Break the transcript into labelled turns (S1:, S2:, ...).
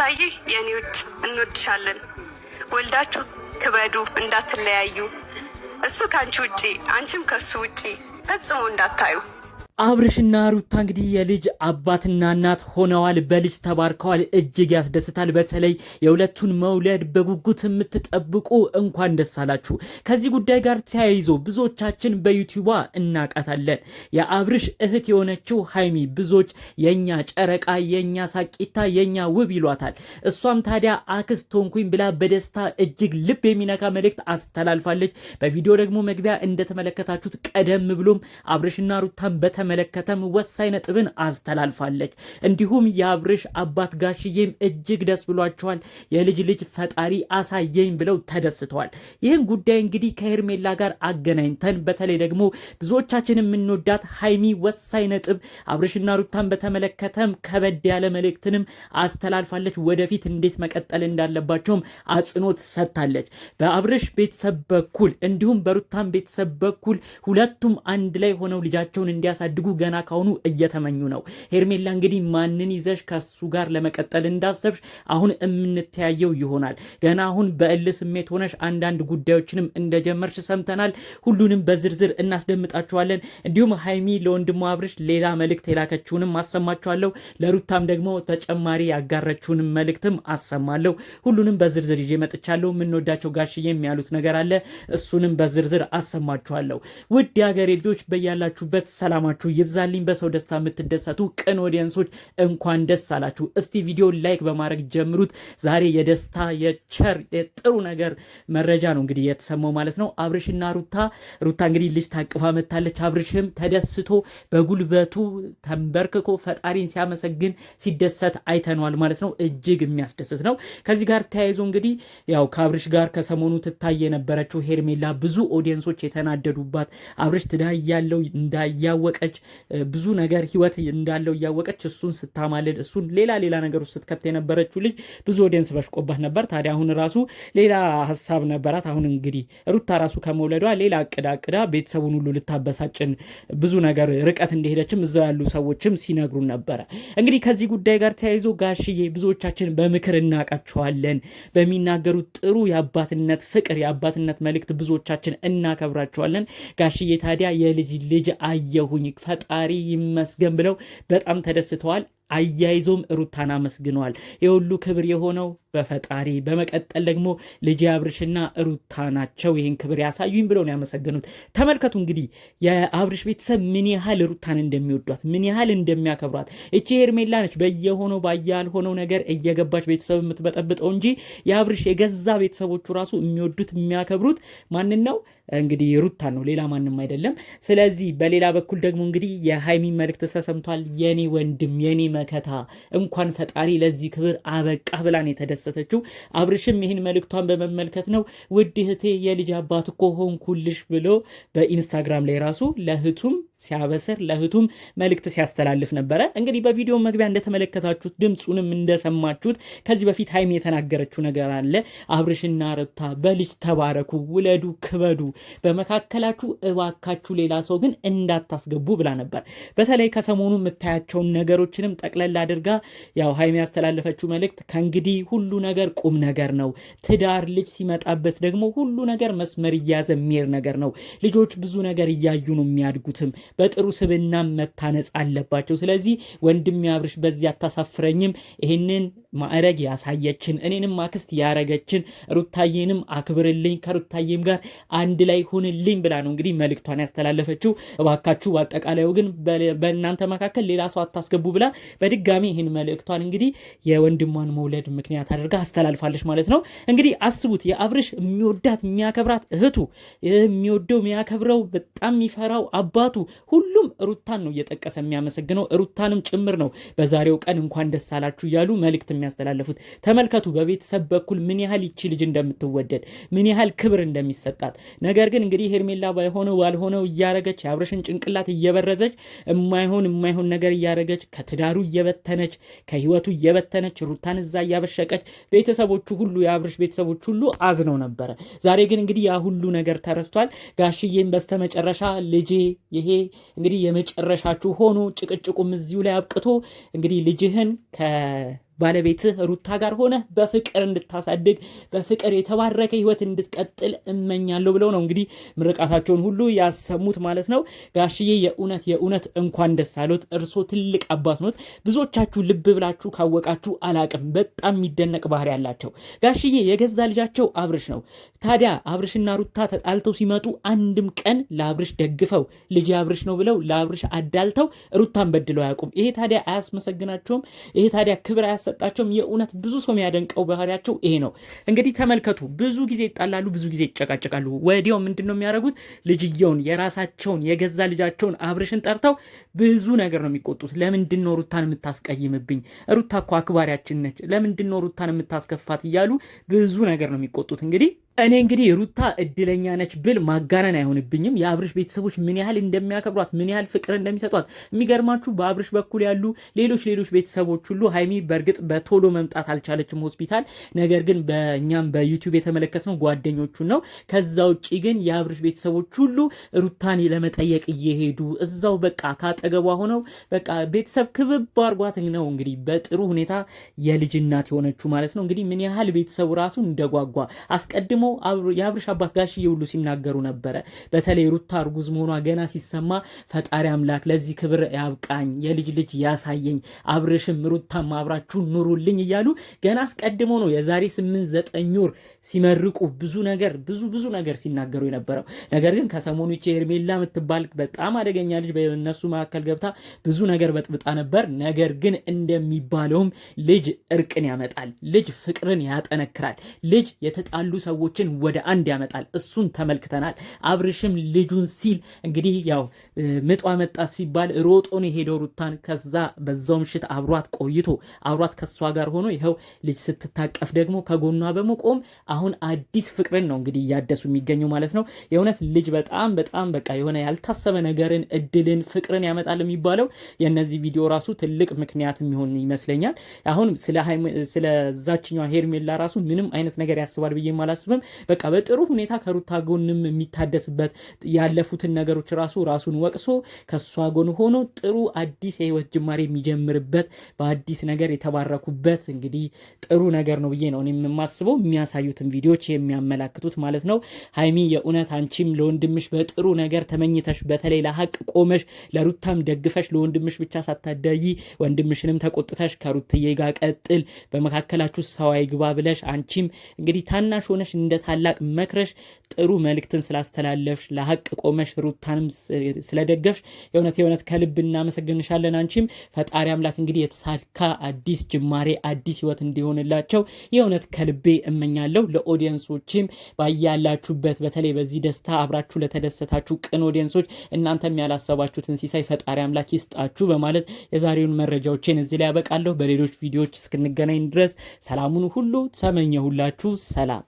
S1: ሩታዬ የኔዎች እንወድሻለን። ወልዳችሁ ክበዱ እንዳትለያዩ። እሱ ከአንቺ ውጪ አንቺም ከሱ ውጪ ፈጽሞ እንዳታዩ።
S2: አብርሽና ሩታ እንግዲህ የልጅ አባትና እናት ሆነዋል። በልጅ ተባርከዋል። እጅግ ያስደስታል። በተለይ የሁለቱን መውለድ በጉጉት የምትጠብቁ እንኳን ደስ አላችሁ። ከዚህ ጉዳይ ጋር ተያይዞ ብዙዎቻችን በዩቲዩቧ እናቃታለን። የአብርሽ እህት የሆነችው ሀይሚ ብዙዎች የእኛ ጨረቃ፣ የእኛ ሳቂታ፣ የእኛ ውብ ይሏታል። እሷም ታዲያ አክስት ሆንኩኝ ብላ በደስታ እጅግ ልብ የሚነካ መልእክት አስተላልፋለች። በቪዲዮ ደግሞ መግቢያ እንደተመለከታችሁት ቀደም ብሎም አብርሽና ሩታን በተ በተመለከተም ወሳኝ ነጥብን አስተላልፋለች። እንዲሁም የአብርሽ አባት ጋሽዬም እጅግ ደስ ብሏቸዋል። የልጅ ልጅ ፈጣሪ አሳየኝ ብለው ተደስተዋል። ይህን ጉዳይ እንግዲህ ከሄርሜላ ጋር አገናኝተን በተለይ ደግሞ ብዙዎቻችን የምንወዳት ሀይሚ ወሳኝ ነጥብ አብርሽና ሩታን በተመለከተም ከበድ ያለ መልእክትንም አስተላልፋለች። ወደፊት እንዴት መቀጠል እንዳለባቸውም አጽንኦት ሰጥታለች። በአብርሽ ቤተሰብ በኩል እንዲሁም በሩታን ቤተሰብ በኩል ሁለቱም አንድ ላይ ሆነው ልጃቸውን እንዲያሳድ ሊያሳድጉ ገና ካሁኑ እየተመኙ ነው። ሄርሜላ እንግዲህ ማንን ይዘሽ ከሱ ጋር ለመቀጠል እንዳሰብሽ አሁን የምንተያየው ይሆናል። ገና አሁን በእል ስሜት ሆነሽ አንዳንድ ጉዳዮችንም እንደጀመርሽ ሰምተናል። ሁሉንም በዝርዝር እናስደምጣችኋለን። እንዲሁም ሀይሚ ለወንድሟ አብርሽ ሌላ መልእክት የላከችውንም አሰማችኋለሁ። ለሩታም ደግሞ ተጨማሪ ያጋረችውንም መልእክትም አሰማለሁ። ሁሉንም በዝርዝር ይዤ መጥቻለሁ። የምንወዳቸው ጋሽዬም የሚያሉት ነገር አለ። እሱንም በዝርዝር አሰማችኋለሁ። ውድ የሀገሬ ልጆች በያላችሁበት ሰላማችሁ ሰላማችሁ ይብዛልኝ። በሰው ደስታ የምትደሰቱ ቅን ኦዲየንሶች እንኳን ደስ አላችሁ። እስቲ ቪዲዮ ላይክ በማድረግ ጀምሩት። ዛሬ የደስታ የቸር የጥሩ ነገር መረጃ ነው እንግዲህ የተሰማው ማለት ነው። አብርሽና ሩታ ሩታ እንግዲህ ልጅ ታቅፋ መታለች። አብርሽም ተደስቶ በጉልበቱ ተንበርክኮ ፈጣሪን ሲያመሰግን ሲደሰት አይተነዋል ማለት ነው። እጅግ የሚያስደስት ነው። ከዚህ ጋር ተያይዞ እንግዲህ ያው ከአብርሽ ጋር ከሰሞኑ ትታይ የነበረችው ሄርሜላ ብዙ ኦዲየንሶች የተናደዱባት አብርሽ ትዳይ ያለው እንዳያወቀች ብዙ ነገር ህይወት እንዳለው እያወቀች እሱን ስታማልድ እሱን ሌላ ሌላ ነገር ውስጥ ስትከብት የነበረችው ልጅ ብዙ ወደንስ በሽቆባት ነበር። ታዲያ አሁን ራሱ ሌላ ሀሳብ ነበራት። አሁን እንግዲህ ሩታ ራሱ ከመውለዷ ሌላ ቅዳ አቅዳ ቤተሰቡን ሁሉ ልታበሳጭን ብዙ ነገር ርቀት እንደሄደችም እዛው ያሉ ሰዎችም ሲነግሩን ነበረ። እንግዲህ ከዚህ ጉዳይ ጋር ተያይዞ ጋሽዬ ብዙዎቻችን በምክር እናቃቸዋለን በሚናገሩት ጥሩ የአባትነት ፍቅር የአባትነት መልእክት ብዙዎቻችን እናከብራቸዋለን። ጋሽዬ ታዲያ የልጅ ልጅ አየሁኝ ፈጣሪ ይመስገን ብለው በጣም ተደስተዋል። አያይዞም ሩታን አመስግነዋል። የሁሉ ክብር የሆነው በፈጣሪ በመቀጠል ደግሞ ልጅ አብርሽና ሩታ ናቸው ይህን ክብር ያሳዩኝ ብለው ነው ያመሰገኑት። ተመልከቱ እንግዲህ የአብርሽ ቤተሰብ ምን ያህል ሩታን እንደሚወዷት ምን ያህል እንደሚያከብሯት። እቺ ሄርሜላ ነች በየሆነው ባያልሆነው ነገር እየገባች ቤተሰብ የምትበጠብጠው እንጂ የአብርሽ የገዛ ቤተሰቦቹ ራሱ የሚወዱት የሚያከብሩት ማንን ነው? እንግዲህ ሩታን ነው፣ ሌላ ማንም አይደለም። ስለዚህ በሌላ በኩል ደግሞ እንግዲህ የሀይሚ መልእክት ተሰምቷል። የኔ ወንድም የኔ መከታ እንኳን ፈጣሪ ለዚህ ክብር አበቃ ብላን የተደሰተችው። አብርሽም ይህን መልእክቷን በመመልከት ነው ውድ እህቴ የልጅ አባት እኮ ሆንኩልሽ ብሎ በኢንስታግራም ላይ ራሱ ለእህቱም ሲያበስር ለእህቱም መልእክት ሲያስተላልፍ ነበረ። እንግዲህ በቪዲዮ መግቢያ እንደተመለከታችሁት ድምፁንም እንደሰማችሁት ከዚህ በፊት ሀይሚ የተናገረችው ነገር አለ። አብርሽና ሩታ በልጅ ተባረኩ፣ ውለዱ፣ ክበዱ፣ በመካከላችሁ እባካችሁ ሌላ ሰው ግን እንዳታስገቡ ብላ ነበር። በተለይ ከሰሞኑ የምታያቸውን ነገሮችንም ጠቅለላ አድርጋ ያው ሀይሚ ያስተላለፈችው መልእክት ከእንግዲህ ሁሉ ነገር ቁም ነገር ነው። ትዳር ልጅ ሲመጣበት ደግሞ ሁሉ ነገር መስመር እያዘ የሚሄድ ነገር ነው። ልጆች ብዙ ነገር እያዩ ነው የሚያድጉትም በጥሩ ስብና መታነጽ አለባቸው። ስለዚህ ወንድም ያብርሽ በዚህ አታሳፍረኝም። ይህንን ማዕረግ ያሳየችን እኔንም አክስት ያረገችን ሩታዬንም አክብርልኝ፣ ከሩታዬም ጋር አንድ ላይ ሁንልኝ ብላ ነው እንግዲህ መልእክቷን ያስተላለፈችው። እባካችሁ በአጠቃላዩ ግን በእናንተ መካከል ሌላ ሰው አታስገቡ ብላ በድጋሚ ይህን መልእክቷን እንግዲህ የወንድሟን መውለድ ምክንያት አድርጋ አስተላልፋለች ማለት ነው። እንግዲህ አስቡት የአብርሽ የሚወዳት የሚያከብራት እህቱ የሚወደው የሚያከብረው በጣም የሚፈራው አባቱ ሁሉም ሩታን ነው እየጠቀሰ የሚያመሰግነው ሩታንም ጭምር ነው በዛሬው ቀን እንኳን ደስ አላችሁ እያሉ መልእክት የሚያስተላልፉት። ተመልከቱ በቤተሰብ በኩል ምን ያህል ይቺ ልጅ እንደምትወደድ ምን ያህል ክብር እንደሚሰጣት። ነገር ግን እንግዲህ ሄርሜላ ባይሆነው ባልሆነው እያረገች የአብረሽን ጭንቅላት እየበረዘች የማይሆን የማይሆን ነገር እያረገች ከትዳሩ እየበተነች ከህይወቱ እየበተነች ሩታን እዛ እያበሸቀች ቤተሰቦቹ ሁሉ የአብረሽ ቤተሰቦች ሁሉ አዝነው ነበረ። ዛሬ ግን እንግዲህ ያ ሁሉ ነገር ተረስቷል። ጋሽዬም በስተመጨረሻ ልጄ ይሄ እንግዲህ የመጨረሻችሁ ሆኖ ጭቅጭቁም እዚሁ ላይ አብቅቶ እንግዲህ ልጅህን ባለቤትህ ሩታ ጋር ሆነ በፍቅር እንድታሳድግ በፍቅር የተባረከ ህይወት እንድትቀጥል እመኛለሁ ብለው ነው እንግዲህ ምርቃታቸውን ሁሉ ያሰሙት ማለት ነው። ጋሽዬ የእውነት የእውነት እንኳን ደስ አሉት። እርሶ ትልቅ አባት ኖት። ብዙዎቻችሁ ልብ ብላችሁ ካወቃችሁ አላቅም፣ በጣም የሚደነቅ ባህሪ ያላቸው ጋሽዬ የገዛ ልጃቸው አብርሽ ነው። ታዲያ አብርሽና ሩታ ተጣልተው ሲመጡ አንድም ቀን ለአብርሽ ደግፈው ልጅ አብርሽ ነው ብለው ለአብርሽ አዳልተው ሩታን በድለው አያውቁም። ይሄ ታዲያ አያስመሰግናቸውም? ይሄ ታዲያ ክብር አያስ አልተሰጣቸውም። የእውነት ብዙ ሰው የሚያደንቀው ባህሪያቸው ይሄ ነው። እንግዲህ ተመልከቱ፣ ብዙ ጊዜ ይጣላሉ፣ ብዙ ጊዜ ይጨቃጨቃሉ። ወዲያው ምንድን ነው የሚያደርጉት? ልጅየውን የራሳቸውን የገዛ ልጃቸውን አብርሽን ጠርተው ብዙ ነገር ነው የሚቆጡት። ለምንድን ነው ሩታን የምታስቀይምብኝ? ሩታ እኮ አክባሪያችን ነች። ለምንድን ነው ሩታን የምታስከፋት? እያሉ ብዙ ነገር ነው የሚቆጡት እንግዲህ እኔ እንግዲህ ሩታ እድለኛ ነች ብል ማጋነን አይሆንብኝም። የአብርሽ ቤተሰቦች ምን ያህል እንደሚያከብሯት፣ ምን ያህል ፍቅር እንደሚሰጧት የሚገርማችሁ በአብርሽ በኩል ያሉ ሌሎች ሌሎች ቤተሰቦች ሁሉ ሀይሚ በእርግጥ በቶሎ መምጣት አልቻለችም ሆስፒታል። ነገር ግን በእኛም በዩቲዩብ የተመለከትነው ጓደኞቹን ነው። ከዛ ውጭ ግን የአብርሽ ቤተሰቦች ሁሉ ሩታን ለመጠየቅ እየሄዱ እዛው በቃ ካጠገቧ ሆነው በቃ ቤተሰብ ክብብ አርጓት ነው እንግዲህ በጥሩ ሁኔታ የልጅናት የሆነችው ማለት ነው። እንግዲህ ምን ያህል ቤተሰቡ ራሱ እንደጓጓ አስቀድሞ ደግሞ የአብርሽ አባት ጋሽዬ ሁሉ ሲናገሩ ነበረ። በተለይ ሩታ እርጉዝ መሆኗ ገና ሲሰማ ፈጣሪ አምላክ ለዚህ ክብር ያብቃኝ፣ የልጅ ልጅ ያሳየኝ፣ አብርሽም ሩታም አብራችሁ ኑሩልኝ እያሉ ገና አስቀድሞ ነው የዛሬ ስምንት ዘጠኝ ወር ሲመርቁ ብዙ ነገር ብዙ ብዙ ነገር ሲናገሩ የነበረው ነገር ግን ከሰሞኑ ይቺ ሄርሜላ የምትባል በጣም አደገኛ ልጅ በእነሱ መካከል ገብታ ብዙ ነገር በጥብጣ ነበር። ነገር ግን እንደሚባለውም ልጅ እርቅን ያመጣል፣ ልጅ ፍቅርን ያጠነክራል፣ ልጅ የተጣሉ ሰዎች ሰዎችን ወደ አንድ ያመጣል። እሱን ተመልክተናል። አብርሽም ልጁን ሲል እንግዲህ ያው ምጧ መጣ ሲባል ሮጦን የሄደው ሩታን ከዛ በዛው ምሽት አብሯት ቆይቶ አብሯት ከእሷ ጋር ሆኖ ይኸው ልጅ ስትታቀፍ ደግሞ ከጎኗ በመቆም አሁን አዲስ ፍቅርን ነው እንግዲህ እያደሱ የሚገኙ ማለት ነው። የእውነት ልጅ በጣም በጣም በቃ የሆነ ያልታሰበ ነገርን፣ እድልን፣ ፍቅርን ያመጣል የሚባለው የእነዚህ ቪዲዮ ራሱ ትልቅ ምክንያት የሚሆን ይመስለኛል። አሁን ስለዛችኛ ሄርሜላ ራሱ ምንም አይነት ነገር ያስባል ብዬ አላስብም። ቢሆንም በቃ በጥሩ ሁኔታ ከሩታ ጎንም የሚታደስበት ያለፉትን ነገሮች ራሱ ራሱን ወቅሶ ከእሷ ጎን ሆኖ ጥሩ አዲስ የህይወት ጅማሬ የሚጀምርበት በአዲስ ነገር የተባረኩበት እንግዲህ ጥሩ ነገር ነው ብዬ ነው የማስበው። የሚያሳዩትን ቪዲዮዎች የሚያመላክቱት ማለት ነው። ሀይሚ የእውነት አንቺም ለወንድምሽ በጥሩ ነገር ተመኝተሽ በተለይ ለሀቅ ቆመሽ ለሩታም ደግፈሽ ለወንድምሽ ብቻ ሳታዳይ ወንድምሽንም ተቆጥተሽ ከሩትዬ ጋር ቀጥል፣ በመካከላችሁ ሰው አይግባ ብለሽ አንቺም እንግዲህ ታናሽ ሆነሽ እንደ ታላቅ መክረሽ፣ ጥሩ መልእክትን ስላስተላለፍሽ፣ ለሀቅ ቆመሽ፣ ሩታንም ስለደገፍሽ የእውነት የእውነት ከልብ እናመሰግንሻለን። አንቺም ፈጣሪ አምላክ እንግዲህ የተሳካ አዲስ ጅማሬ አዲስ ህይወት እንዲሆንላቸው የእውነት ከልቤ እመኛለሁ። ለኦዲየንሶችም ባያላችሁበት በተለይ በዚህ ደስታ አብራችሁ ለተደሰታችሁ ቅን ኦዲየንሶች እናንተም ያላሰባችሁትን ሲሳይ ፈጣሪ አምላክ ይስጣችሁ በማለት የዛሬውን መረጃዎችን እዚህ ላይ ያበቃለሁ። በሌሎች ቪዲዮዎች እስክንገናኝ ድረስ ሰላሙን ሁሉ ተመኘሁላችሁ። ሰላም